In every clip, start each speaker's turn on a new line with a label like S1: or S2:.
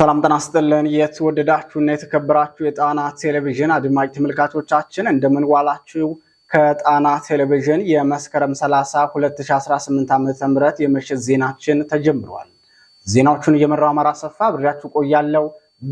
S1: ሰላም ጤና ይስጥልን። የተወደዳችሁና የተከበራችሁ የጣና ቴሌቪዥን አድማጭ ተመልካቾቻችን እንደምንዋላችሁ። ከጣና ቴሌቪዥን የመስከረም 30 2018 ዓ.ም የምሽት ዜናችን ተጀምሯል። ዜናዎቹን እየመራው አማራ ሰፋ ብሬያችሁ ቆያለው።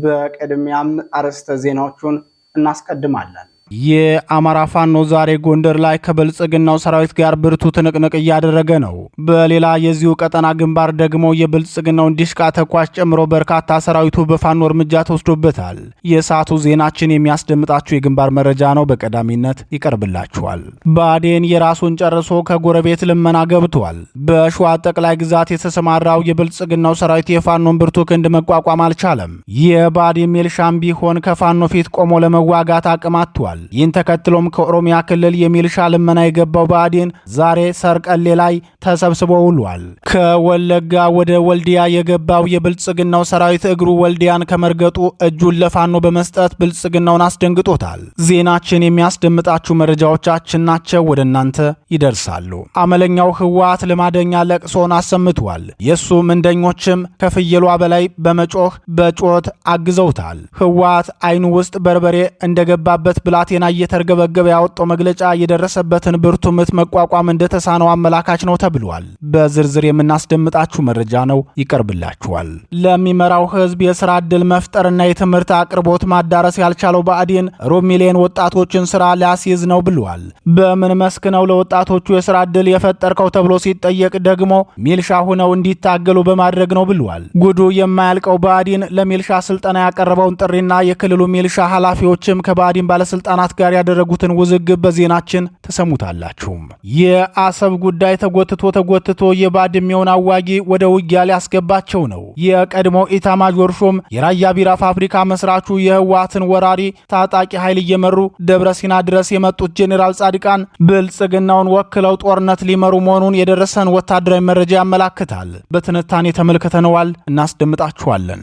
S1: በቅድሚያም አርዕስተ ዜናዎቹን እናስቀድማለን።
S2: የአማራ ፋኖ ዛሬ ጎንደር ላይ ከብልጽግናው ሰራዊት ጋር ብርቱ ትንቅንቅ እያደረገ ነው። በሌላ የዚሁ ቀጠና ግንባር ደግሞ የብልጽግናውን ዲሽቃ ተኳሽ ጨምሮ በርካታ ሰራዊቱ በፋኖ እርምጃ ተወስዶበታል። የሰዓቱ ዜናችን የሚያስደምጣችሁ የግንባር መረጃ ነው፣ በቀዳሚነት ይቀርብላችኋል። ብአዴን የራሱን ጨርሶ ከጎረቤት ልመና ገብቷል። በሸዋ ጠቅላይ ግዛት የተሰማራው የብልጽግናው ሰራዊት የፋኖን ብርቱ ክንድ መቋቋም አልቻለም። የብአዴን ሜልሻም ቢሆን ከፋኖ ፊት ቆሞ ለመዋጋት አቅም አጥቷል። ተናግረዋል። ይህን ተከትሎም ከኦሮሚያ ክልል የሚልሻ ልመና የገባው ብአዴን ዛሬ ሰርቀሌ ላይ ተሰብስቦ ውሏል። ከወለጋ ወደ ወልዲያ የገባው የብልጽግናው ሰራዊት እግሩ ወልዲያን ከመርገጡ እጁን ለፋኖ በመስጠት ብልጽግናውን አስደንግጦታል። ዜናችን የሚያስደምጣችሁ መረጃዎቻችን ናቸው፣ ወደ እናንተ ይደርሳሉ። አመለኛው ህወሓት ልማደኛ ለቅሶን አሰምቷል። የእሱ ምንደኞችም ከፍየሏ በላይ በመጮህ በጩኸት አግዘውታል። ህወሓት አይኑ ውስጥ በርበሬ እንደገባበት ብላት ብላቴና እየተርገበገበ ያወጣው መግለጫ የደረሰበትን ብርቱ ምት መቋቋም እንደተሳነው አመላካች ነው ተብሏል። በዝርዝር የምናስደምጣችሁ መረጃ ነው፣ ይቀርብላችኋል። ለሚመራው ህዝብ የስራ ዕድል መፍጠርና የትምህርት አቅርቦት ማዳረስ ያልቻለው ብአዴን ሩብ ሚሊዮን ወጣቶችን ስራ ሊያስይዝ ነው ብሏል። በምን መስክ ነው ለወጣቶቹ የስራ ዕድል የፈጠርከው ተብሎ ሲጠየቅ ደግሞ ሚልሻ ሁነው እንዲታገሉ በማድረግ ነው ብሏል። ጉዱ የማያልቀው ብአዴን ለሚልሻ ስልጠና ያቀረበውን ጥሪና የክልሉ ሚልሻ ኃላፊዎችም ከባዕዲን ባለስልጣናት ከህፃናት ጋር ያደረጉትን ውዝግብ በዜናችን ተሰሙታላችሁም። የአሰብ ጉዳይ ተጎትቶ ተጎትቶ የባድሜውን አዋጊ ወደ ውጊያ ሊያስገባቸው ነው። የቀድሞ ኢታማዦር ሹም የራያ ቢራ ፋብሪካ መስራቹ የህወሓትን ወራሪ ታጣቂ ኃይል እየመሩ ደብረ ሲና ድረስ የመጡት ጄኔራል ጻድቃን ብልጽግናውን ወክለው ጦርነት ሊመሩ መሆኑን የደረሰን ወታደራዊ መረጃ ያመላክታል። በትንታኔ ተመልክተነዋል፣ እናስደምጣችኋለን።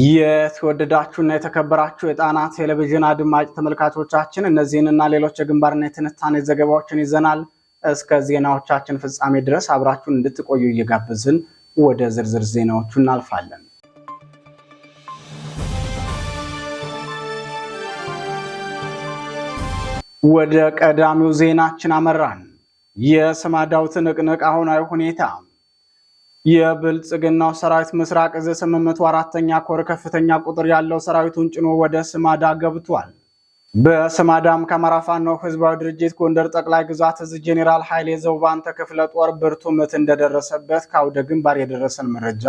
S1: የተወደዳችሁና የተከበራችሁ የጣና ቴሌቪዥን አድማጭ ተመልካቾቻችን እነዚህንና ሌሎች የግንባርና የትንታኔ ዘገባዎችን ይዘናል። እስከ ዜናዎቻችን ፍጻሜ ድረስ አብራችሁን እንድትቆዩ እየጋበዝን ወደ ዝርዝር ዜናዎቹ እናልፋለን። ወደ ቀዳሚው ዜናችን አመራን። የስማዳው ትንቅንቅ አሁናዊ ሁኔታ የብልጽግናው ሰራዊት ምስራቅ እዝ 804ኛ ኮር ከፍተኛ ቁጥር ያለው ሰራዊቱን ጭኖ ወደ ስማዳ ገብቷል። በስማዳም ከአማራ ፋኖ ህዝባዊ ድርጅት ጎንደር ጠቅላይ ግዛት እዝ ጄኔራል ኃይሌ ዘውባንተ ክፍለ ጦር ብርቱ ምት እንደደረሰበት ከአውደ ግንባር የደረሰን መረጃ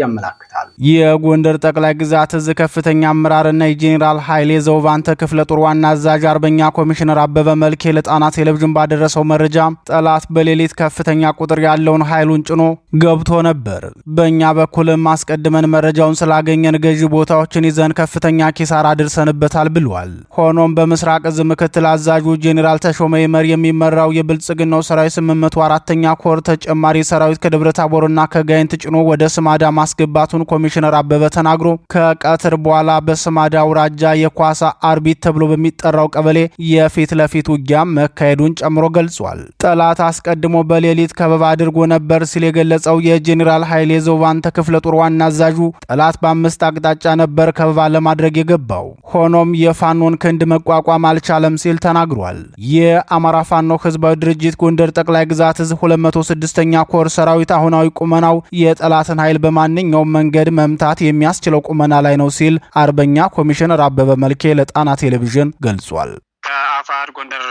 S1: ያመላክታል። የጎንደር ጠቅላይ ግዛት እዝ ከፍተኛ አመራርና የጄኔራል ኃይሌ ዘውባንተ ክፍለ ጦር ዋና አዛዥ አርበኛ ኮሚሽነር አበበ መልኬ ለጣና ቴሌቪዥን ባደረሰው መረጃ ጠላት በሌሊት ከፍተኛ ቁጥር ያለውን ኃይሉን ጭኖ ገብቶ ነበር። በእኛ በኩልም አስቀድመን መረጃውን ስላገኘን ገዢ ቦታዎችን ይዘን ከፍተኛ ኪሳራ አድርሰንበታል ብሏል። ሆኖም በምስራቅ እዝ ምክትል አዛዡ ጄኔራል ተሾመ ይመር የሚመራው የብልጽግናው ሰራዊት 804ኛ ኮር ተጨማሪ ሰራዊት ከደብረ ታቦርና ከጋይንት ጭኖ ወደ ስማዳማ ማስገባቱን ኮሚሽነር አበበ ተናግሮ ከቀትር በኋላ በስማዳ አውራጃ የኳሳ አርቢት ተብሎ በሚጠራው ቀበሌ የፊት ለፊት ውጊያ መካሄዱን ጨምሮ ገልጿል። ጠላት አስቀድሞ በሌሊት ከበባ አድርጎ ነበር ሲል የገለጸው የጄኔራል ኃይሌ ዘውባንተ ክፍለ ጦር ዋና አዛዡ ጠላት በአምስት አቅጣጫ ነበር ከበባ ለማድረግ የገባው፣ ሆኖም የፋኖን ክንድ መቋቋም አልቻለም ሲል ተናግሯል። የአማራ ፋኖ ህዝባዊ ድርጅት ጎንደር ጠቅላይ ግዛት እዝ 206ኛ ኮር ሰራዊት አሁናዊ ቁመናው የጠላትን ኃይል በማን በማንኛውም መንገድ መምታት የሚያስችለው ቁመና ላይ ነው ሲል አርበኛ ኮሚሽነር አበበ መልኬ ለጣና ቴሌቪዥን ገልጿል።
S3: ከአፋር ጎንደር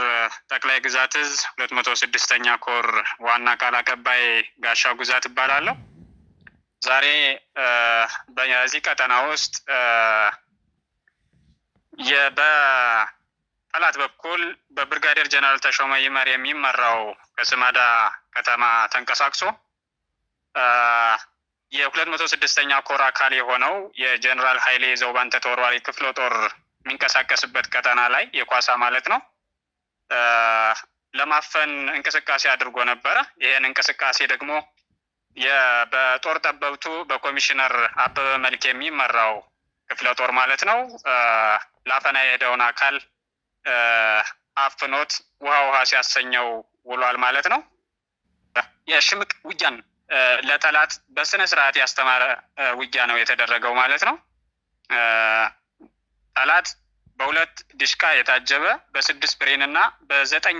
S3: ጠቅላይ ግዛት እዝ ሁለት መቶ ስድስተኛ ኮር ዋና ቃል አቀባይ ጋሻው ግዛት እባላለሁ። ዛሬ በዚህ ቀጠና ውስጥ በጠላት በኩል በብርጋዴር ጀነራል ተሾመ ይመር የሚመራው ከስማዳ ከተማ ተንቀሳቅሶ የሁለት መቶ ስድስተኛ ኮር አካል የሆነው የጀኔራል ኃይሌ ዘውባንተ ተወርዋሪ ክፍለ ጦር የሚንቀሳቀስበት ቀጠና ላይ የኳሳ ማለት ነው ለማፈን እንቅስቃሴ አድርጎ ነበረ። ይህን እንቅስቃሴ ደግሞ በጦር ጠበብቱ በኮሚሽነር አበበ መልክ የሚመራው ክፍለ ጦር ማለት ነው ለአፈና የሄደውን አካል አፍኖት ውሃ ውሃ ሲያሰኘው ውሏል ማለት ነው። የሽምቅ ውጊያን ለጠላት በስነ ስርዓት ያስተማረ ውጊያ ነው የተደረገው ማለት ነው። ጠላት በሁለት ዲሽቃ የታጀበ በስድስት ብሬን እና በዘጠኝ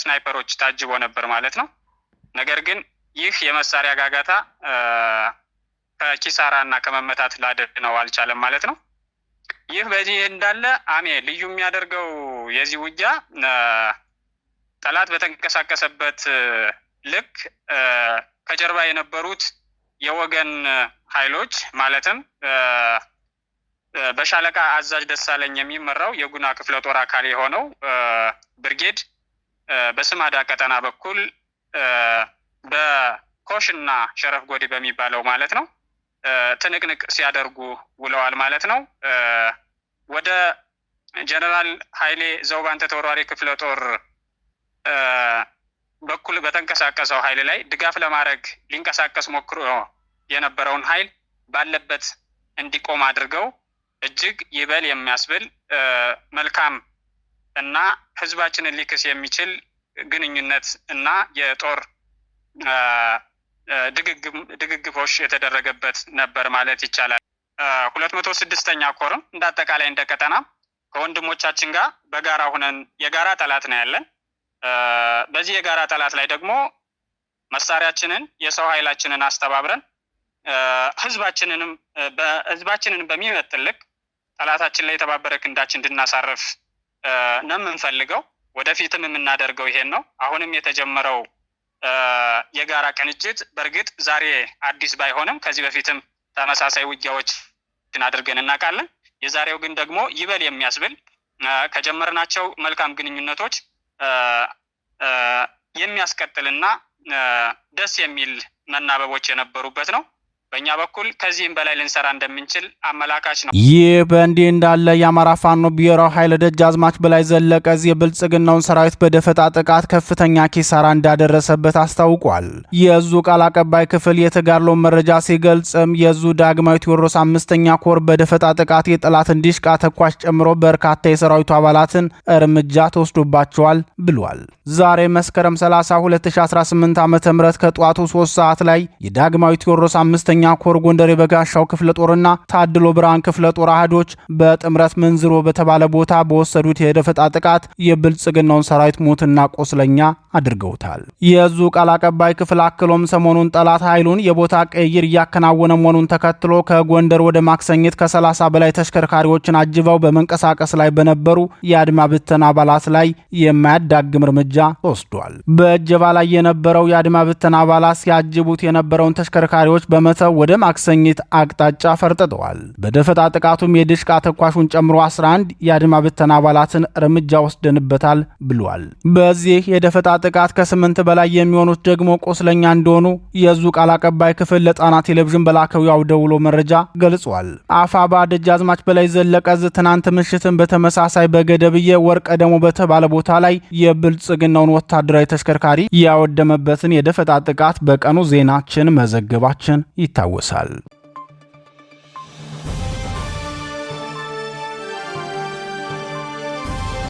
S3: ስናይፐሮች ታጅቦ ነበር ማለት ነው። ነገር ግን ይህ የመሳሪያ ጋጋታ ከኪሳራ እና ከመመታት ላድነው አልቻለም ማለት ነው። ይህ በዚህ እንዳለ አሜ ልዩ የሚያደርገው የዚህ ውጊያ ጠላት በተንቀሳቀሰበት ልክ ከጀርባ የነበሩት የወገን ኃይሎች ማለትም በሻለቃ አዛዥ ደሳለኝ የሚመራው የጉና ክፍለ ጦር አካል የሆነው ብርጌድ በስማዳ ቀጠና በኩል በኮሽና ሸረፍ ጎዴ በሚባለው ማለት ነው ትንቅንቅ ሲያደርጉ ውለዋል ማለት ነው። ወደ ጀነራል ኃይሌ ዘውባንተ ተወራሪ ክፍለ ጦር በኩል በተንቀሳቀሰው ኃይል ላይ ድጋፍ ለማድረግ ሊንቀሳቀስ ሞክሮ የነበረውን ኃይል ባለበት እንዲቆም አድርገው እጅግ ይበል የሚያስብል መልካም እና ህዝባችንን ሊክስ የሚችል ግንኙነት እና የጦር ድግግፎች የተደረገበት ነበር ማለት ይቻላል። ሁለት መቶ ስድስተኛ ኮርም እንደ አጠቃላይ እንደ ቀጠና ከወንድሞቻችን ጋር በጋራ ሁነን የጋራ ጠላት ነው ያለን በዚህ የጋራ ጠላት ላይ ደግሞ መሳሪያችንን የሰው ኃይላችንን አስተባብረን ህዝባችንንም ህዝባችንን በሚመጥን ልክ ጠላታችን ላይ የተባበረ ክንዳችን እንድናሳርፍ ነው የምንፈልገው። ወደፊትም የምናደርገው ይሄን ነው። አሁንም የተጀመረው የጋራ ቅንጅት በእርግጥ ዛሬ አዲስ ባይሆንም ከዚህ በፊትም ተመሳሳይ ውጊያዎችን አድርገን እናውቃለን። የዛሬው ግን ደግሞ ይበል የሚያስብል ከጀመርናቸው መልካም ግንኙነቶች የሚያስቀጥልና ደስ የሚል መናበቦች የነበሩበት ነው። በእኛ በኩል ከዚህም በላይ ልንሰራ እንደምንችል አመላካች ነው።
S2: ይህ በእንዲህ እንዳለ የአማራ ፋኖ ብሔራዊ ኃይል ደጃዝማች በላይ ዘለቀ የብልጽግናውን ሰራዊት በደፈጣ ጥቃት ከፍተኛ ኪሳራ እንዳደረሰበት አስታውቋል። የዙ ቃል አቀባይ ክፍል የተጋድሎ መረጃ ሲገልጽም የዙ ዳግማዊ ቴዎድሮስ አምስተኛ ኮር በደፈጣ ጥቃት የጠላትን ዲሽቃ ተኳሽ ጨምሮ በርካታ የሰራዊቱ አባላትን እርምጃ ተወስዶባቸዋል ብሏል። ዛሬ መስከረም 30 2018 ዓ ም ከጠዋቱ 3 ሰዓት ላይ የዳግማዊ ቴዎድሮስ አምስተኛ ሶስተኛ ኮር ጎንደር የበጋሻው ክፍለ ጦርና ታድሎ ብርሃን ክፍለ ጦር አህዶች በጥምረት ምንዝሮ በተባለ ቦታ በወሰዱት የደፈጣ ጥቃት የብልጽግናውን ሰራዊት ሞትና ቆስለኛ አድርገውታል። የዙ ቃል አቀባይ ክፍል አክሎም ሰሞኑን ጠላት ኃይሉን የቦታ ቀይር እያከናወነ መሆኑን ተከትሎ ከጎንደር ወደ ማክሰኝት ከ30 በላይ ተሽከርካሪዎችን አጅበው በመንቀሳቀስ ላይ በነበሩ የአድማ ብተና አባላት ላይ የማያዳግም እርምጃ ተወስዷል። በእጀባ ላይ የነበረው የአድማ ብተና አባላት ሲያጅቡት የነበረውን ተሽከርካሪዎች በመተው ወደ ማክሰኝት አቅጣጫ ፈርጥጠዋል። በደፈጣ ጥቃቱም የድሽቃ ተኳሹን ጨምሮ 11 የአድማ ብተና አባላትን እርምጃ ወስደንበታል ብሏል። በዚህ የደፈጣ ጥቃት ከስምንት በላይ የሚሆኑት ደግሞ ቁስለኛ እንደሆኑ የዙ ቃል አቀባይ ክፍል ለጣና ቴሌቪዥን በላከው ያውደውሎ መረጃ ገልጿል። አፋባ ደጃዝማች በላይ ዘለቀዝ ትናንት ምሽትን በተመሳሳይ በገደብዬ ወርቀ ደግሞ በተባለ ቦታ ላይ የብልጽግናውን ወታደራዊ ተሽከርካሪ ያወደመበትን የደፈጣ ጥቃት በቀኑ ዜናችን መዘገባችን ይታል። ይታወሳል።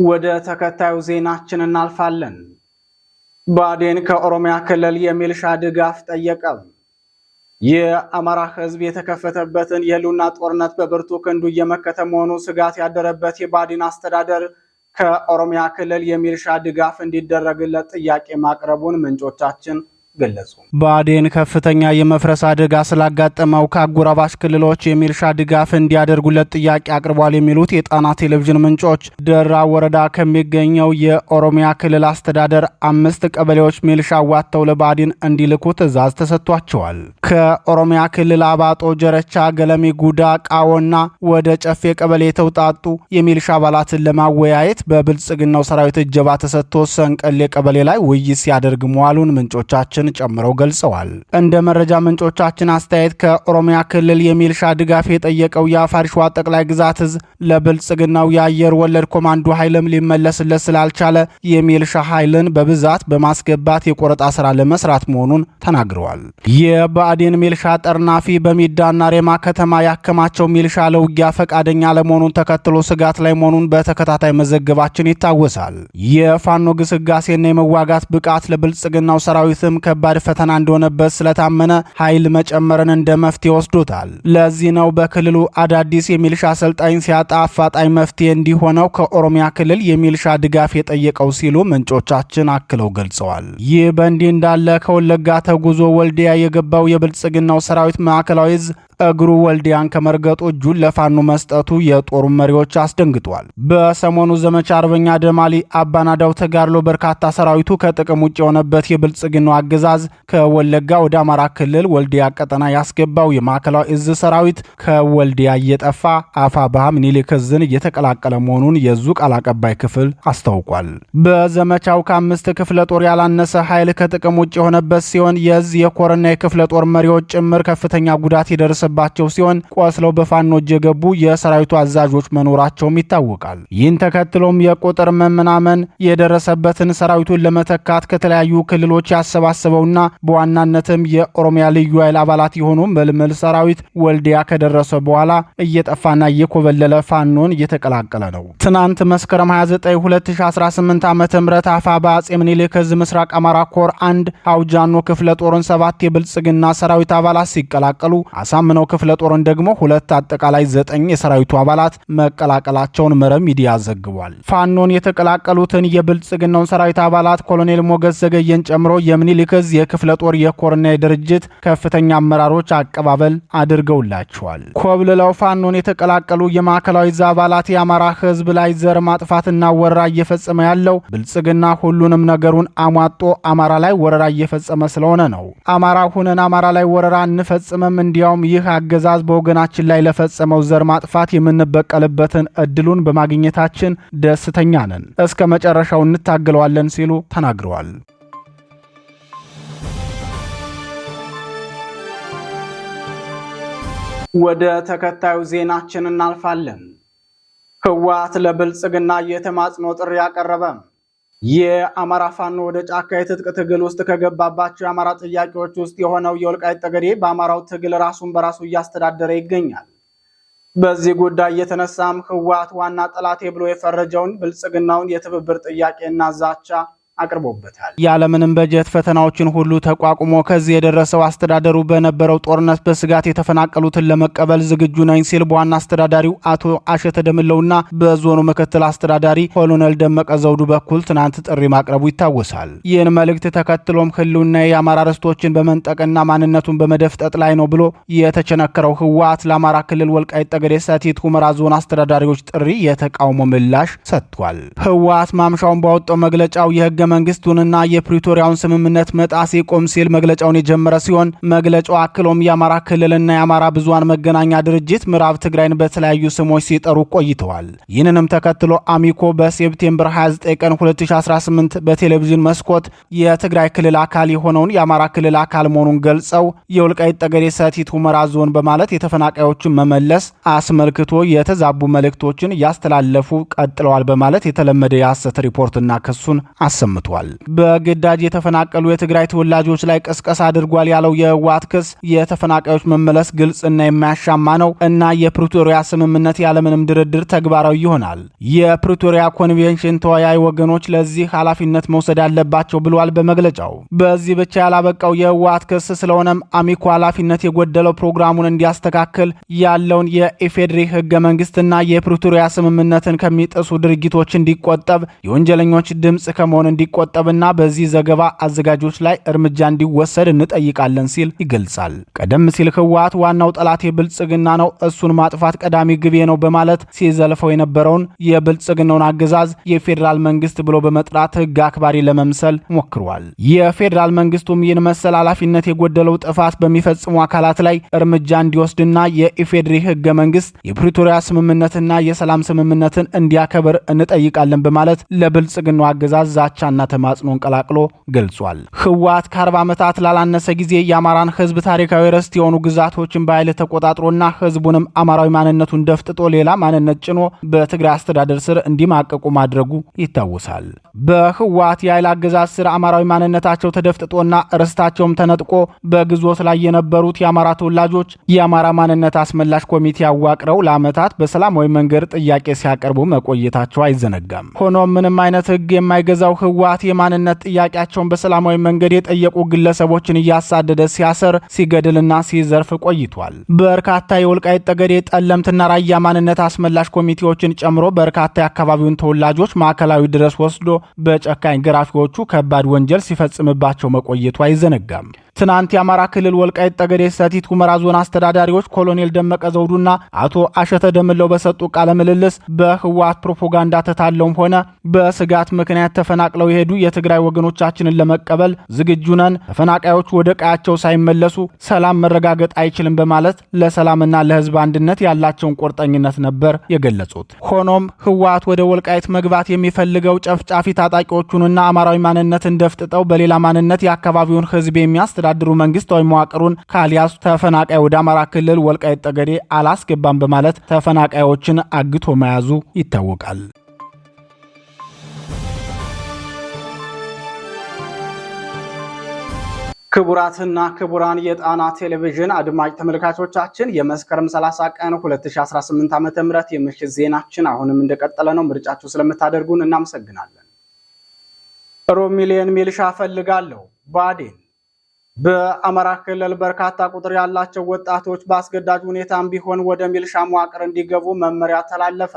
S1: ወደ ተከታዩ ዜናችን እናልፋለን። ብአዴን ከኦሮሚያ ክልል የሚልሻ ድጋፍ ጠየቀ። የአማራ ሕዝብ የተከፈተበትን የህልውና ጦርነት በብርቱ ክንዱ እየመከተ መሆኑ ስጋት ያደረበት የብአዴን አስተዳደር ከኦሮሚያ ክልል የሚልሻ ድጋፍ እንዲደረግለት ጥያቄ ማቅረቡን ምንጮቻችን ገለጹ። ብአዴን ከፍተኛ የመፍረስ አደጋ ስላጋጠመው ከአጉራባሽ ክልሎች የሚልሻ ድጋፍ እንዲያደርጉለት ጥያቄ አቅርቧል የሚሉት የጣና ቴሌቪዥን ምንጮች ደራ ወረዳ ከሚገኘው የኦሮሚያ ክልል አስተዳደር አምስት ቀበሌዎች ሚልሻ ዋተው ለብአዴን እንዲልኩ ትዕዛዝ ተሰጥቷቸዋል። ከኦሮሚያ ክልል አባጦ፣ ጀረቻ፣ ገለሚ ጉዳ፣ ቃወና ወደ ጨፌ ቀበሌ የተውጣጡ የሚልሻ አባላትን ለማወያየት በብልጽግናው ሰራዊት እጀባ ተሰጥቶ ሰንቀሌ ቀበሌ ላይ ውይይት ሲያደርግ መዋሉን ምንጮቻችን መሆናቸውን ጨምረው ገልጸዋል። እንደ መረጃ ምንጮቻችን አስተያየት ከኦሮሚያ ክልል የሚልሻ ድጋፍ የጠየቀው የአፋር ሸዋ ጠቅላይ ግዛት እዝ ለብልጽግናው የአየር ወለድ ኮማንዶ ኃይልም ሊመለስለት ስላልቻለ የሚልሻ ኃይልን በብዛት በማስገባት የቆረጣ ስራ ለመስራት መሆኑን ተናግረዋል። የብአዴን ሚልሻ ጠርናፊ በሚዳና ሬማ ከተማ ያከማቸው ሚልሻ ለውጊያ ፈቃደኛ ለመሆኑን ተከትሎ ስጋት ላይ መሆኑን በተከታታይ መዘገባችን ይታወሳል። የፋኖ ግስጋሴና የመዋጋት ብቃት ለብልጽግናው ሰራዊትም ከ ከባድ ፈተና እንደሆነበት ስለታመነ ኃይል መጨመርን እንደ መፍትሄ ወስዶታል። ለዚህ ነው በክልሉ አዳዲስ የሚልሻ አሰልጣኝ ሲያጣ አፋጣኝ መፍትሄ እንዲሆነው ከኦሮሚያ ክልል የሚልሻ ድጋፍ የጠየቀው ሲሉ ምንጮቻችን አክለው ገልጸዋል። ይህ በእንዲህ እንዳለ ከወለጋ ተጉዞ ወልዲያ የገባው የብልጽግናው ሰራዊት ማዕከላዊ እዝ እግሩ ወልዲያን ከመርገጡ እጁን ለፋኖ መስጠቱ የጦሩ መሪዎች አስደንግጧል። በሰሞኑ ዘመቻ አርበኛ ደማሊ አባናዳው ተጋድሎ በርካታ ሰራዊቱ ከጥቅም ውጭ የሆነበት የብልጽግናው አገዛ አገዛዝ ከወለጋ ወደ አማራ ክልል ወልዲያ ቀጠና ያስገባው የማዕከላዊ እዝ ሰራዊት ከወልዲያ እየጠፋ አፋ ምኒልክ እዝን እየተቀላቀለ መሆኑን የዙ ቃል አቀባይ ክፍል አስታውቋል። በዘመቻው ከአምስት ክፍለ ጦር ያላነሰ ኃይል ከጥቅም ውጭ የሆነበት ሲሆን የዝ የኮርና የክፍለ ጦር መሪዎች ጭምር ከፍተኛ ጉዳት የደረሰባቸው ሲሆን ቆስለው በፋኖ እጅ የገቡ የሰራዊቱ አዛዦች መኖራቸውም ይታወቃል። ይህን ተከትሎም የቁጥር መመናመን የደረሰበትን ሰራዊቱን ለመተካት ከተለያዩ ክልሎች ያሰባሰበ የተመደበውና በዋናነትም የኦሮሚያ ልዩ ኃይል አባላት የሆኑ ምልምል ሰራዊት ወልዲያ ከደረሰ በኋላ እየጠፋና እየኮበለለ ፋኖን እየተቀላቀለ ነው። ትናንት መስከረም 29 2018 ዓ ም አፋባ አጼ ምኒልክ ዕዝ ምስራቅ አማራ ኮር አንድ አውጃኖ ክፍለ ጦርን ሰባት የብልጽግና ሰራዊት አባላት ሲቀላቀሉ አሳምነው ክፍለ ጦርን ደግሞ ሁለት አጠቃላይ ዘጠኝ የሰራዊቱ አባላት መቀላቀላቸውን መረብ ሚዲያ ዘግቧል። ፋኖን የተቀላቀሉትን የብልጽግናውን ሰራዊት አባላት ኮሎኔል ሞገስ ዘገየን ጨምሮ የምኒልክ የእዝ የክፍለ ጦር የኮርና የድርጅት ከፍተኛ አመራሮች አቀባበል አድርገውላቸዋል። ኮብልለው ፋኖን የተቀላቀሉ የማዕከላዊ እዝ አባላት የአማራ ህዝብ ላይ ዘር ማጥፋትና ወረራ እየፈጸመ ያለው ብልጽግና ሁሉንም ነገሩን አሟጦ አማራ ላይ ወረራ እየፈጸመ ስለሆነ ነው። አማራ ሁነን አማራ ላይ ወረራ እንፈጽምም። እንዲያውም ይህ አገዛዝ በወገናችን ላይ ለፈጸመው ዘር ማጥፋት የምንበቀልበትን እድሉን በማግኘታችን ደስተኛ ነን። እስከ መጨረሻው እንታገለዋለን ሲሉ ተናግረዋል። ወደ ተከታዩ ዜናችን እናልፋለን። ህወሓት ለብልጽግና የተማጽኖ ጥሪ ያቀረበ። የአማራ ፋኖ ወደ ጫካ የትጥቅ ትግል ውስጥ ከገባባቸው የአማራ ጥያቄዎች ውስጥ የሆነው የወልቃይት ጠገዴ በአማራው ትግል ራሱን በራሱ እያስተዳደረ ይገኛል። በዚህ ጉዳይ የተነሳም ህወሓት ዋና ጠላቴ ብሎ የፈረጀውን ብልጽግናውን የትብብር ጥያቄና ዛቻ አቅርቦበታል። ያለምንም በጀት ፈተናዎችን ሁሉ ተቋቁሞ ከዚህ የደረሰው አስተዳደሩ በነበረው ጦርነት በስጋት የተፈናቀሉትን ለመቀበል ዝግጁ ነኝ ሲል በዋና አስተዳዳሪው አቶ አሸተ ደምለውና በዞኑ ምክትል አስተዳዳሪ ኮሎኔል ደመቀ ዘውዱ በኩል ትናንት ጥሪ ማቅረቡ ይታወሳል። ይህን መልእክት ተከትሎም ህልውና የአማራ ርስቶችን በመንጠቅና ማንነቱን በመደፍጠጥ ላይ ነው ብሎ የተቸነከረው ህወሓት ለአማራ ክልል ወልቃይት ጠገዴ፣ ሰቲት ሁመራ ዞን አስተዳዳሪዎች ጥሪ የተቃውሞ ምላሽ ሰጥቷል። ህወሓት ማምሻውን ባወጣው መግለጫው የህገ መንግስቱንና የፕሪቶሪያውን ስምምነት መጣስ ይቁም ሲል መግለጫውን የጀመረ ሲሆን መግለጫው አክሎም የአማራ ክልልና የአማራ ብዙሃን መገናኛ ድርጅት ምዕራብ ትግራይን በተለያዩ ስሞች ሲጠሩ ቆይተዋል። ይህንንም ተከትሎ አሚኮ በሴፕቴምበር 29 ቀን 2018 በቴሌቪዥን መስኮት የትግራይ ክልል አካል የሆነውን የአማራ ክልል አካል መሆኑን ገልጸው የወልቃይት ጠገዴ ሰቲት ሁመራ ዞን በማለት የተፈናቃዮችን መመለስ አስመልክቶ የተዛቡ መልእክቶችን እያስተላለፉ ቀጥለዋል በማለት የተለመደ የሐሰት ሪፖርትና ክሱን አሰማል። ተሰምቷል። በግዳጅ የተፈናቀሉ የትግራይ ተወላጆች ላይ ቅስቀሳ አድርጓል ያለው የህወሓት ክስ የተፈናቃዮች መመለስ ግልጽና የማያሻማ ነው እና የፕሪቶሪያ ስምምነት ያለምንም ድርድር ተግባራዊ ይሆናል። የፕሪቶሪያ ኮንቬንሽን ተወያይ ወገኖች ለዚህ ኃላፊነት መውሰድ አለባቸው ብሏል በመግለጫው። በዚህ ብቻ ያላበቃው የህወሓት ክስ ስለሆነም አሚኮ ኃላፊነት የጎደለው ፕሮግራሙን እንዲያስተካክል ያለውን የኢፌዴሪ ህገ መንግስትና የፕሪቶሪያ ስምምነትን ከሚጥሱ ድርጊቶች እንዲቆጠብ የወንጀለኞች ድምፅ ከመሆን እንዲ እንዲቆጠብና በዚህ ዘገባ አዘጋጆች ላይ እርምጃ እንዲወሰድ እንጠይቃለን ሲል ይገልጻል። ቀደም ሲል ህወሓት ዋናው ጠላት የብልጽግና ነው፣ እሱን ማጥፋት ቀዳሚ ግቤ ነው በማለት ሲዘልፈው የነበረውን የብልጽግናውን አገዛዝ የፌዴራል መንግስት ብሎ በመጥራት ህግ አክባሪ ለመምሰል ሞክሯል። የፌዴራል መንግስቱም ይህን መሰል ኃላፊነት የጎደለው ጥፋት በሚፈጽሙ አካላት ላይ እርምጃ እንዲወስድና የኢፌዴሪ ህገ መንግስት የፕሪቶሪያ ስምምነትና የሰላም ስምምነትን እንዲያከብር እንጠይቃለን በማለት ለብልጽግናው አገዛዝ ዛቻ ተስፋና ተማጽኖን ቀላቅሎ ገልጿል። ህወሓት ከ40 ዓመታት ላላነሰ ጊዜ የአማራን ህዝብ ታሪካዊ ርስት የሆኑ ግዛቶችን በኃይል ተቆጣጥሮና ህዝቡንም አማራዊ ማንነቱን ደፍጥጦ ሌላ ማንነት ጭኖ በትግራይ አስተዳደር ስር እንዲማቀቁ ማድረጉ ይታወሳል። በህወሓት የኃይል አገዛዝ ስር አማራዊ ማንነታቸው ተደፍጥጦና ርስታቸውም ተነጥቆ በግዞት ላይ የነበሩት የአማራ ተወላጆች የአማራ ማንነት አስመላሽ ኮሚቴ አዋቅረው ለዓመታት በሰላማዊ መንገድ ጥያቄ ሲያቀርቡ መቆየታቸው አይዘነጋም። ሆኖም ምንም አይነት ህግ የማይገዛው ህወ ህወሓት የማንነት ጥያቄያቸውን በሰላማዊ መንገድ የጠየቁ ግለሰቦችን እያሳደደ ሲያሰር ሲገድልና ሲዘርፍ ቆይቷል። በርካታ የወልቃይት ጠገዴ፣ ጠለምትና ራያ ማንነት አስመላሽ ኮሚቴዎችን ጨምሮ በርካታ የአካባቢውን ተወላጆች ማዕከላዊ ድረስ ወስዶ በጨካኝ ገራፊዎቹ ከባድ ወንጀል ሲፈጽምባቸው መቆየቱ አይዘነጋም። ትናንት የአማራ ክልል ወልቃይት ጠገዴ ሰቲት ሁመራ ዞን አስተዳዳሪዎች ኮሎኔል ደመቀ ዘውዱና አቶ አሸተ ደምለው በሰጡ ቃለ ምልልስ በህወሓት ፕሮፓጋንዳ ተታለውም ሆነ በስጋት ምክንያት ተፈናቅለው የሄዱ የትግራይ ወገኖቻችንን ለመቀበል ዝግጁ ነን፣ ተፈናቃዮች ወደ ቀያቸው ሳይመለሱ ሰላም መረጋገጥ አይችልም በማለት ለሰላምና ለህዝብ አንድነት ያላቸውን ቁርጠኝነት ነበር የገለጹት። ሆኖም ህወሓት ወደ ወልቃይት መግባት የሚፈልገው ጨፍጫፊ ታጣቂዎቹንና አማራዊ ማንነትን ደፍጥጠው በሌላ ማንነት የአካባቢውን ህዝብ የሚያስ የሚያስተዳድሩ መንግስታዊ መዋቅሩን ካልያዙ ተፈናቃይ ወደ አማራ ክልል ወልቃይት ጠገዴ አላስገባም በማለት ተፈናቃዮችን አግቶ መያዙ ይታወቃል። ክቡራትና ክቡራን የጣና ቴሌቪዥን አድማጭ ተመልካቾቻችን የመስከረም 30 ቀን 2018 ም የምሽት ዜናችን አሁንም እንደቀጠለ ነው። ምርጫችሁ ስለምታደርጉን እናመሰግናለን። ሮሚሊየን ሚልሻ እፈልጋለሁ ባዴን በአማራ ክልል በርካታ ቁጥር ያላቸው ወጣቶች በአስገዳጅ ሁኔታም ቢሆን ወደ ሚልሻ መዋቅር እንዲገቡ መመሪያ ተላለፈ።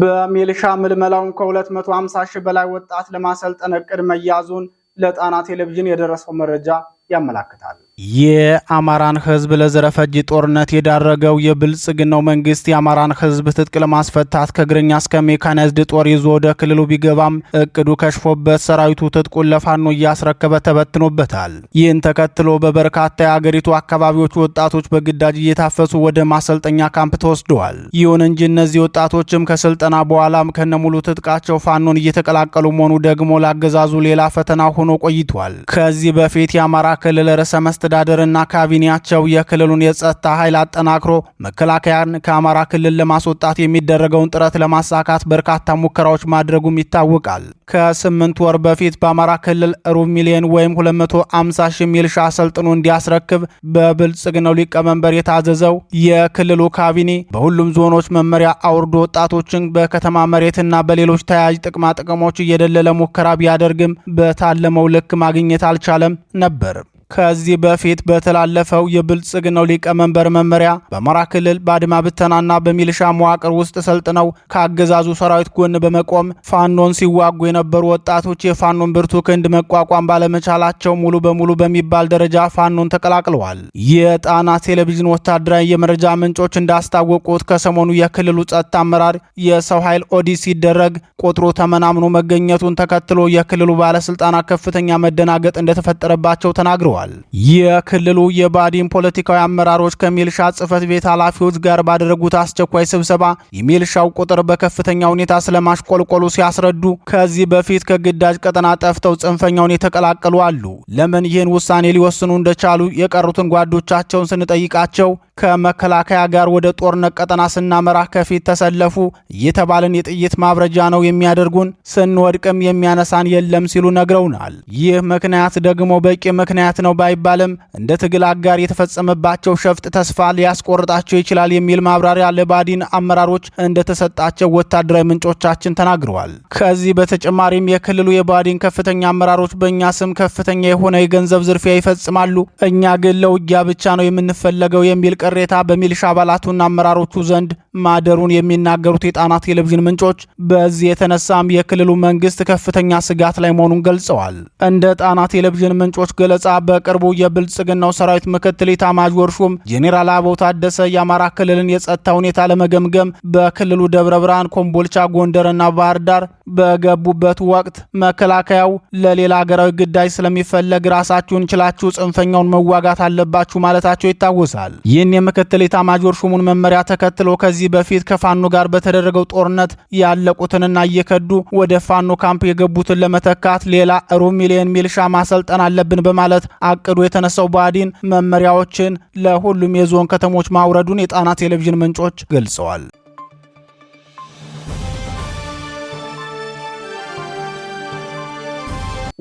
S1: በሚልሻ ምልመላውን ከ250 ሺህ በላይ ወጣት ለማሰልጠን እቅድ መያዙን ለጣና ቴሌቪዥን የደረሰው መረጃ ያመላክታል። የአማራን ህዝብ ለዘረፈጅ ጦርነት የዳረገው የብልጽግናው መንግስት የአማራን ህዝብ ትጥቅ ለማስፈታት ከእግረኛ እስከ ሜካናይዝድ ጦር ይዞ ወደ ክልሉ ቢገባም እቅዱ ከሽፎበት ሰራዊቱ ትጥቁን ለፋኖ እያስረከበ ተበትኖበታል። ይህን ተከትሎ በበርካታ የአገሪቱ አካባቢዎች ወጣቶች በግዳጅ እየታፈሱ ወደ ማሰልጠኛ ካምፕ ተወስደዋል። ይሁን እንጂ እነዚህ ወጣቶችም ከስልጠና በኋላም ከነሙሉ ትጥቃቸው ፋኖን እየተቀላቀሉ መሆኑ ደግሞ ላገዛዙ ሌላ ፈተና ሆኖ ቆይቷል። ከዚህ በፊት የአማራ ክልል ርዕሰ አስተዳደርና ካቢኔያቸው የክልሉን የጸጥታ ኃይል አጠናክሮ መከላከያን ከአማራ ክልል ለማስወጣት የሚደረገውን ጥረት ለማሳካት በርካታ ሙከራዎች ማድረጉም ይታወቃል። ከስምንት ወር በፊት በአማራ ክልል ሩብ ሚሊዮን ወይም 250 ሺህ ሚልሻ አሰልጥኖ እንዲያስረክብ በብልጽግናው ሊቀመንበር የታዘዘው የክልሉ ካቢኔ በሁሉም ዞኖች መመሪያ አውርዶ ወጣቶችን በከተማ መሬትና በሌሎች ተያያዥ ጥቅማ ጥቅሞች እየደለለ ሙከራ ቢያደርግም በታለመው ልክ ማግኘት አልቻለም ነበር። ከዚህ በፊት በተላለፈው የብልጽግናው ሊቀመንበር መመሪያ በአማራ ክልል በአድማ ብተናና በሚልሻ መዋቅር ውስጥ ሰልጥነው ከአገዛዙ ሰራዊት ጎን በመቆም ፋኖን ሲዋጉ የነበሩ ወጣቶች የፋኖን ብርቱ ክንድ መቋቋም ባለመቻላቸው ሙሉ በሙሉ በሚባል ደረጃ ፋኖን ተቀላቅለዋል። የጣና ቴሌቪዥን ወታደራዊ የመረጃ ምንጮች እንዳስታወቁት ከሰሞኑ የክልሉ ጸጥታ አመራር የሰው ኃይል ኦዲት ሲደረግ ቁጥሩ ተመናምኖ መገኘቱን ተከትሎ የክልሉ ባለስልጣናት ከፍተኛ መደናገጥ እንደተፈጠረባቸው ተናግረዋል። ተናግረዋል። የክልሉ የባዲን ፖለቲካዊ አመራሮች ከሚልሻ ጽህፈት ቤት ኃላፊዎች ጋር ባደረጉት አስቸኳይ ስብሰባ የሚልሻው ቁጥር በከፍተኛ ሁኔታ ስለማሽቆልቆሉ ሲያስረዱ ከዚህ በፊት ከግዳጅ ቀጠና ጠፍተው ጽንፈኛውን የተቀላቀሉ አሉ። ለምን ይህን ውሳኔ ሊወስኑ እንደቻሉ የቀሩትን ጓዶቻቸውን ስንጠይቃቸው ከመከላከያ ጋር ወደ ጦርነት ቀጠና ስናመራ ከፊት ተሰለፉ እየተባልን የጥይት ማብረጃ ነው የሚያደርጉን፣ ስንወድቅም የሚያነሳን የለም ሲሉ ነግረውናል። ይህ ምክንያት ደግሞ በቂ ምክንያት ነው ነው ባይባልም እንደ ትግል አጋር የተፈጸመባቸው ሸፍጥ ተስፋ ሊያስቆርጣቸው ይችላል የሚል ማብራሪያ ለባዲን አመራሮች እንደተሰጣቸው ወታደራዊ ምንጮቻችን ተናግረዋል። ከዚህ በተጨማሪም የክልሉ የባዲን ከፍተኛ አመራሮች በእኛ ስም ከፍተኛ የሆነ የገንዘብ ዝርፊያ ይፈጽማሉ፣ እኛ ግን ለውጊያ ብቻ ነው የምንፈለገው የሚል ቅሬታ በሚልሻ አባላቱና አመራሮቹ ዘንድ ማደሩን የሚናገሩት የጣና ቴሌቪዥን ምንጮች በዚህ የተነሳም የክልሉ መንግስት ከፍተኛ ስጋት ላይ መሆኑን ገልጸዋል። እንደ ጣና ቴሌቪዥን ምንጮች ገለጻ በ በቅርቡ የብልጽግናው ሰራዊት ምክትል ኤታማዦር ሹም ጄኔራል አበባው ታደሰ የአማራ ክልልን የጸጥታ ሁኔታ ለመገምገም በክልሉ ደብረ ብርሃን፣ ኮምቦልቻ፣ ጎንደርና ባህር ዳር በገቡበት ወቅት መከላከያው ለሌላ ሀገራዊ ግዳጅ ስለሚፈለግ ራሳችሁን ችላችሁ ጽንፈኛውን መዋጋት አለባችሁ ማለታቸው ይታወሳል። ይህን የምክትል ኤታማዦር ሹሙን መመሪያ ተከትሎ ከዚህ በፊት ከፋኖ ጋር በተደረገው ጦርነት ያለቁትንና እየከዱ ወደ ፋኖ ካምፕ የገቡትን ለመተካት ሌላ ሩብ ሚሊዮን ሚልሻ ማሰልጠን አለብን በማለት አቅዱ የተነሳው ባዲን መመሪያዎችን ለሁሉም የዞን ከተሞች ማውረዱን የጣና ቴሌቪዥን ምንጮች ገልጸዋል።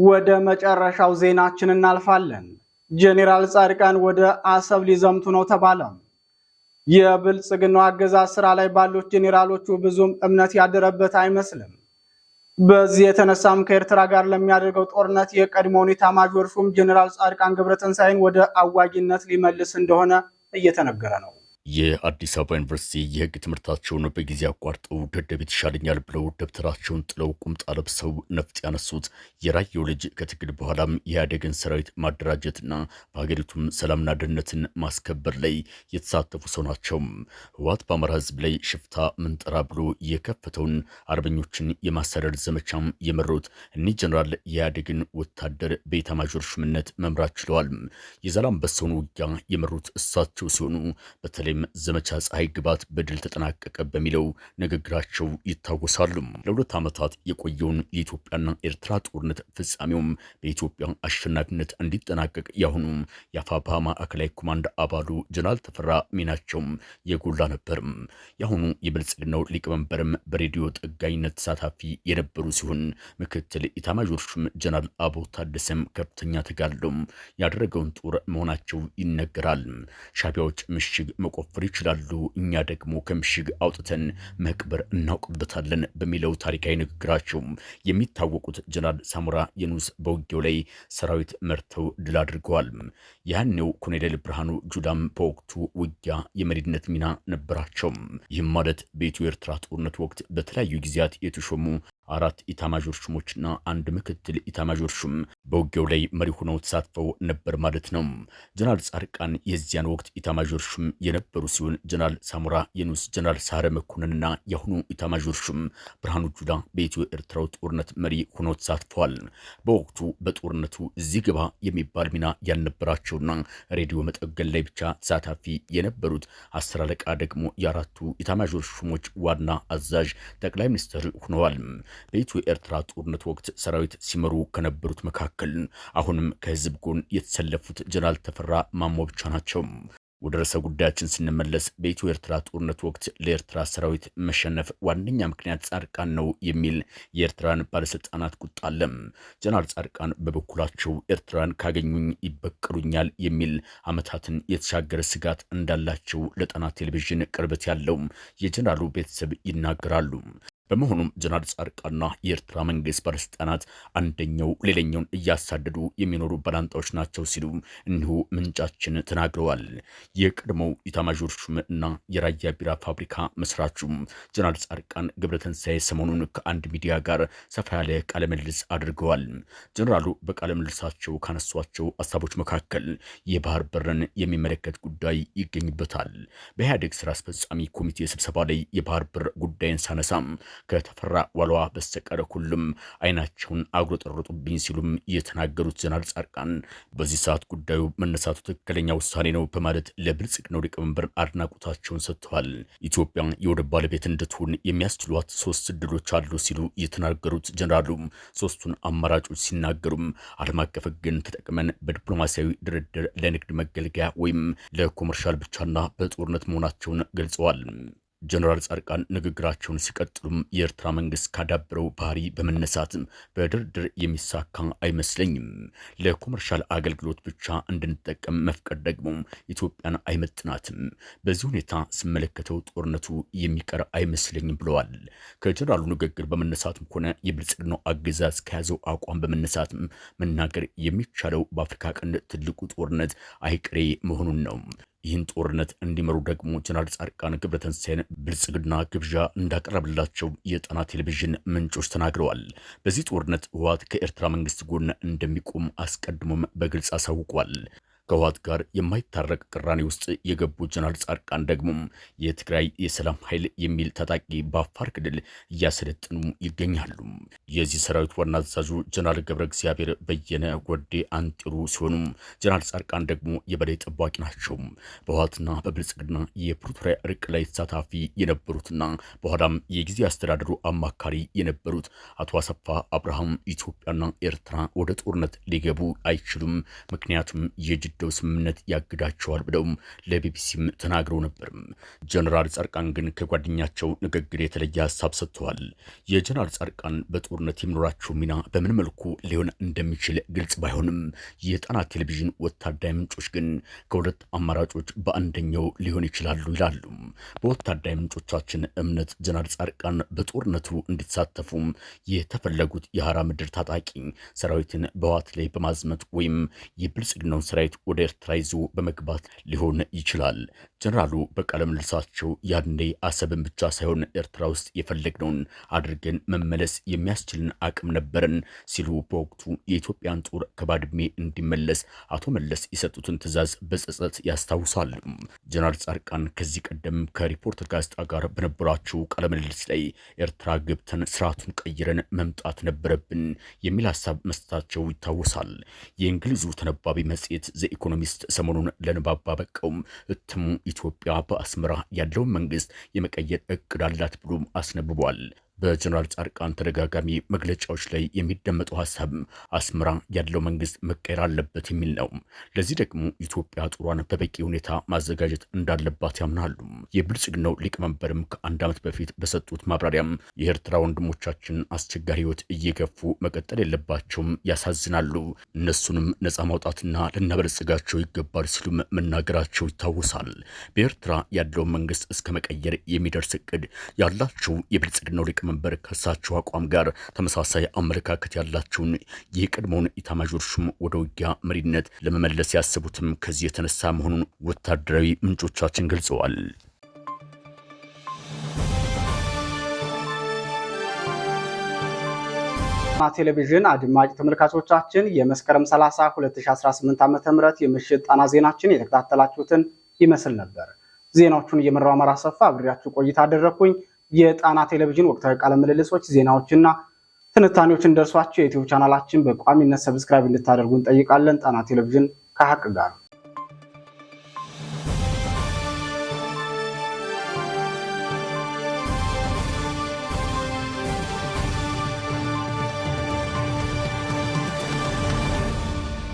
S1: ወደ መጨረሻው ዜናችን እናልፋለን። ጄኔራል ጻድቃን ወደ አሰብ ሊዘምቱ ነው ተባለ። የብልጽግናው አገዛዝ ስራ ላይ ባሉት ጄኔራሎቹ ብዙም እምነት ያደረበት አይመስልም። በዚህ የተነሳም ከኤርትራ ጋር ለሚያደርገው ጦርነት የቀድሞውን ኢታማዦር ሹም ጀኔራል ጻድቃን ገብረትንሳኤን ወደ አዋጊነት ሊመልስ እንደሆነ እየተነገረ ነው።
S4: የአዲስ አበባ ዩኒቨርሲቲ የህግ ትምህርታቸውን በጊዜ አቋርጠው ደደቤት ይሻለኛል ብለው ደብተራቸውን ጥለው ቁምጣ ለብሰው ነፍጥ ያነሱት የራየው ልጅ ከትግል በኋላም የኢህአዴግን ሰራዊት ማደራጀትና በሀገሪቱም ሰላምና ደህንነትን ማስከበር ላይ የተሳተፉ ሰው ናቸው። ህወሓት በአማራ ህዝብ ላይ ሽፍታ ምንጠራ ብሎ የከፈተውን አርበኞችን የማሳደድ ዘመቻም የመሩት እኒህ ጀኔራል የኢህአዴግን ወታደር በኢታማዦር ሹምነት መምራት ችለዋል። የዛላምበሳውን ውጊያ የመሩት እሳቸው ሲሆኑ በተለይ በተለይም ዘመቻ ፀሐይ ግባት በድል ተጠናቀቀ በሚለው ንግግራቸው ይታወሳሉ። ለሁለት ዓመታት የቆየውን የኢትዮጵያና ኤርትራ ጦርነት ፍጻሜውም በኢትዮጵያ አሸናፊነት እንዲጠናቀቅ ያሁኑ የአፋብኃ ማዕከላዊ ኮማንድ አባሉ ጀነራል ተፈራ ሚናቸውም የጎላ ነበርም። የአሁኑ የብልጽግናው ሊቀመንበርም በሬዲዮ ጠጋኝነት ተሳታፊ የነበሩ ሲሆን ምክትል ኢታማዦር ሹም ጀነራል ታደሰም ከፍተኛ ተጋድሎም ያደረገውን ጦር መሆናቸው ይነገራል። ሻቢያዎች ምሽግ መቆ ሊቆፍር ይችላሉ፣ እኛ ደግሞ ከምሽግ አውጥተን መቅበር እናውቅበታለን በሚለው ታሪካዊ ንግግራቸው የሚታወቁት ጀነራል ሳሞራ የኑስ በውጊያው ላይ ሰራዊት መርተው ድል አድርገዋል። ያኔው ኮሎኔል ብርሃኑ ጁላም በወቅቱ ውጊያ የመሪነት ሚና ነበራቸው። ይህም ማለት በኢትዮ ኤርትራ ጦርነት ወቅት በተለያዩ ጊዜያት የተሾሙ አራት ኢታማዦር ሹሞችና አንድ ምክትል ኢታማዦር ሹም በውጊያው ላይ መሪ ሆነው ተሳትፈው ነበር ማለት ነው። ጀነራል ጻድቃን የዚያን ወቅት ኢታማዦር ሹም የነበሩ ሲሆን ጀነራል ሳሙራ የኑስ፣ ጀነራል ሳረ መኮንንና የአሁኑ ኢታማዦር ሹም ብርሃኑ ጁላ በኢትዮ ኤርትራው ጦርነት መሪ ሆነው ተሳትፈዋል። በወቅቱ በጦርነቱ እዚህ ግባ የሚባል ሚና ያልነበራቸውና ሬዲዮ መጠገን ላይ ብቻ ተሳታፊ የነበሩት አስር አለቃ ደግሞ የአራቱ ኢታማዦር ሹሞች ዋና አዛዥ ጠቅላይ ሚኒስትር ሆነዋል። በኢትዮ ኤርትራ ጦርነት ወቅት ሰራዊት ሲመሩ ከነበሩት መካከል አሁንም ከህዝብ ጎን የተሰለፉት ጀነራል ተፈራ ማሞ ብቻ ናቸው። ወደ ርዕሰ ጉዳያችን ስንመለስ በኢትዮ ኤርትራ ጦርነት ወቅት ለኤርትራ ሰራዊት መሸነፍ ዋነኛ ምክንያት ጻድቃን ነው የሚል የኤርትራን ባለስልጣናት ቁጣ አለ። ጀነራል ጻድቃን በበኩላቸው ኤርትራን ካገኙኝ ይበቀሉኛል የሚል ዓመታትን የተሻገረ ስጋት እንዳላቸው ለጣና ቴሌቪዥን ቅርበት ያለው የጀነራሉ ቤተሰብ ይናገራሉ። በመሆኑም ጀነራል ጻድቃንና የኤርትራ መንግስት ባለስልጣናት አንደኛው ሌላኛውን እያሳደዱ የሚኖሩ ባላንጣዎች ናቸው ሲሉ እንዲሁ ምንጫችን ተናግረዋል። የቀድሞው ኢታማዦር ሹም እና የራያ ቢራ ፋብሪካ መስራቹም ጀነራል ጻድቃን ገብረተንሳኤ ሰሞኑን ከአንድ ሚዲያ ጋር ሰፋ ያለ ቃለምልልስ አድርገዋል። ጀነራሉ በቃለምልልሳቸው ካነሷቸው ሀሳቦች መካከል የባህር በርን የሚመለከት ጉዳይ ይገኝበታል። በኢህአዴግ ስራ አስፈጻሚ ኮሚቴ ስብሰባ ላይ የባህር በር ጉዳይን ሳነሳም ከተፈራ ዋልዋ በስተቀር ሁሉም አይናቸውን አጉረጠረጡብኝ ሲሉም የተናገሩት ጀነራል ጻድቃን በዚህ ሰዓት ጉዳዩ መነሳቱ ትክክለኛ ውሳኔ ነው በማለት ለብልጽግናው ሊቀመንበር አድናቆታቸውን ሰጥተዋል። ኢትዮጵያ የወደብ ባለቤት እንድትሆን የሚያስችሏት ሶስት እድሎች አሉ ሲሉ የተናገሩት ጀነራሉ ሶስቱን አማራጮች ሲናገሩም ዓለም አቀፍ ሕግን ተጠቅመን በዲፕሎማሲያዊ ድርድር ለንግድ መገልገያ ወይም ለኮመርሻል ብቻና በጦርነት መሆናቸውን ገልጸዋል። ጀነራል ጻድቃን ንግግራቸውን ሲቀጥሉም የኤርትራ መንግስት ካዳብረው ባህሪ በመነሳትም በድርድር የሚሳካ አይመስለኝም። ለኮመርሻል አገልግሎት ብቻ እንድንጠቀም መፍቀድ ደግሞ ኢትዮጵያን አይመጥናትም። በዚህ ሁኔታ ስመለከተው ጦርነቱ የሚቀር አይመስለኝም ብለዋል። ከጀነራሉ ንግግር በመነሳትም ሆነ የብልጽግናው አገዛዝ ከያዘው አቋም በመነሳትም መናገር የሚቻለው በአፍሪካ ቀንድ ትልቁ ጦርነት አይቀሬ መሆኑን ነው። ይህን ጦርነት እንዲመሩ ደግሞ ጀነራል ጻድቃን ገብረተንሳይን ብልጽግና ግብዣ እንዳቀረብላቸው የጣና ቴሌቪዥን ምንጮች ተናግረዋል። በዚህ ጦርነት ህወሓት ከኤርትራ መንግስት ጎን እንደሚቆም አስቀድሞም በግልጽ አሳውቋል። ከህወሓት ጋር የማይታረቅ ቅራኔ ውስጥ የገቡ ጀነራል ጻድቃን ደግሞ የትግራይ የሰላም ኃይል የሚል ታጣቂ በአፋር ክልል እያሰለጥኑ ይገኛሉ። የዚህ ሰራዊት ዋና አዛዡ ጀነራል ገብረ እግዚአብሔር በየነ ጎዴ አንጢሩ ሲሆኑ ጀነራል ጻድቃን ደግሞ የበላይ ጠባቂ ናቸው። በህወሓትና በብልጽግና የፕሪቶሪያ እርቅ ላይ ተሳታፊ የነበሩትና በኋላም የጊዜ አስተዳደሩ አማካሪ የነበሩት አቶ አሰፋ አብርሃም ኢትዮጵያና ኤርትራ ወደ ጦርነት ሊገቡ አይችሉም፣ ምክንያቱም የጅደው ስምምነት ያግዳቸዋል ብለውም ለቢቢሲም ተናግረው ነበር። ጀነራል ጻድቃን ግን ከጓደኛቸው ንግግር የተለየ ሀሳብ ሰጥተዋል። የጀነራል ጻድቃን በጦር ጦርነት የሚኖራቸው ሚና በምን መልኩ ሊሆን እንደሚችል ግልጽ ባይሆንም የጣና ቴሌቪዥን ወታደራዊ ምንጮች ግን ከሁለት አማራጮች በአንደኛው ሊሆን ይችላሉ ይላሉ። በወታደራዊ ምንጮቻችን እምነት ጀነራል ጻድቃን በጦርነቱ እንዲሳተፉ የተፈለጉት የሐራ ምድር ታጣቂ ሰራዊትን በዋት ላይ በማዝመት ወይም የብልጽግናውን ሰራዊት ወደ ኤርትራ ይዞ በመግባት ሊሆን ይችላል። ጀነራሉ በቃለ ምልልሳቸው ያኔ አሰብን ብቻ ሳይሆን ኤርትራ ውስጥ የፈለግነውን አድርገን መመለስ የሚያስ የሚያስችልን አቅም ነበረን ሲሉ በወቅቱ የኢትዮጵያን ጦር ከባድሜ እንዲመለስ አቶ መለስ የሰጡትን ትዕዛዝ በጸጸት ያስታውሳል። ጀነራል ጻድቃን ከዚህ ቀደም ከሪፖርተር ጋዜጣ ጋር በነበራቸው ቃለምልልስ ላይ ኤርትራ ገብተን ስርዓቱን ቀይረን መምጣት ነበረብን የሚል ሀሳብ መስጠታቸው ይታወሳል። የእንግሊዙ ተነባቢ መጽሔት ዘኢኮኖሚስት ሰሞኑን ለንባብ ባበቃውም እትሙ ኢትዮጵያ በአስመራ ያለውን መንግስት የመቀየር እቅድ አላት ብሎም አስነብቧል። በጀነራል ጻድቃን ተደጋጋሚ መግለጫዎች ላይ የሚደመጠው ሀሳብ አስመራ ያለው መንግስት መቀየር አለበት የሚል ነው። ለዚህ ደግሞ ኢትዮጵያ ጦሯን በበቂ ሁኔታ ማዘጋጀት እንዳለባት ያምናሉ። የብልጽግናው ሊቀመንበርም ከአንድ ዓመት በፊት በሰጡት ማብራሪያም የኤርትራ ወንድሞቻችን አስቸጋሪ ህይወት እየገፉ መቀጠል የለባቸውም፣ ያሳዝናሉ፣ እነሱንም ነፃ ማውጣትና ልናበለጽጋቸው ይገባል ሲሉም መናገራቸው ይታወሳል። በኤርትራ ያለውን መንግስት እስከ መቀየር የሚደርስ እቅድ ያላቸው የብልጽግናው ሊቀ ሊቀመንበር ከሳቸው አቋም ጋር ተመሳሳይ አመለካከት ያላቸውን የቀድሞውን ኢታማዦር ሹም ወደ ውጊያ መሪነት ለመመለስ ያሰቡትም ከዚህ የተነሳ መሆኑን ወታደራዊ ምንጮቻችን ገልጸዋል።
S1: ቴሌቪዥን አድማጭ ተመልካቾቻችን የመስከረም 30 2018 ም የምሽት ጣና ዜናችን የተከታተላችሁትን ይመስል ነበር። ዜናዎቹን እየመራው አማራ ሰፋ አብሬያችሁ ቆይታ አደረግኩኝ። የጣና ቴሌቪዥን ወቅታዊ ቃለ ምልልሶች፣ ዜናዎችና ትንታኔዎች እንደርሷቸው የዩቲዩብ ቻናላችን በቋሚነት ሰብስክራይብ እንድታደርጉ እንጠይቃለን። ጣና ቴሌቪዥን ከሀቅ ጋር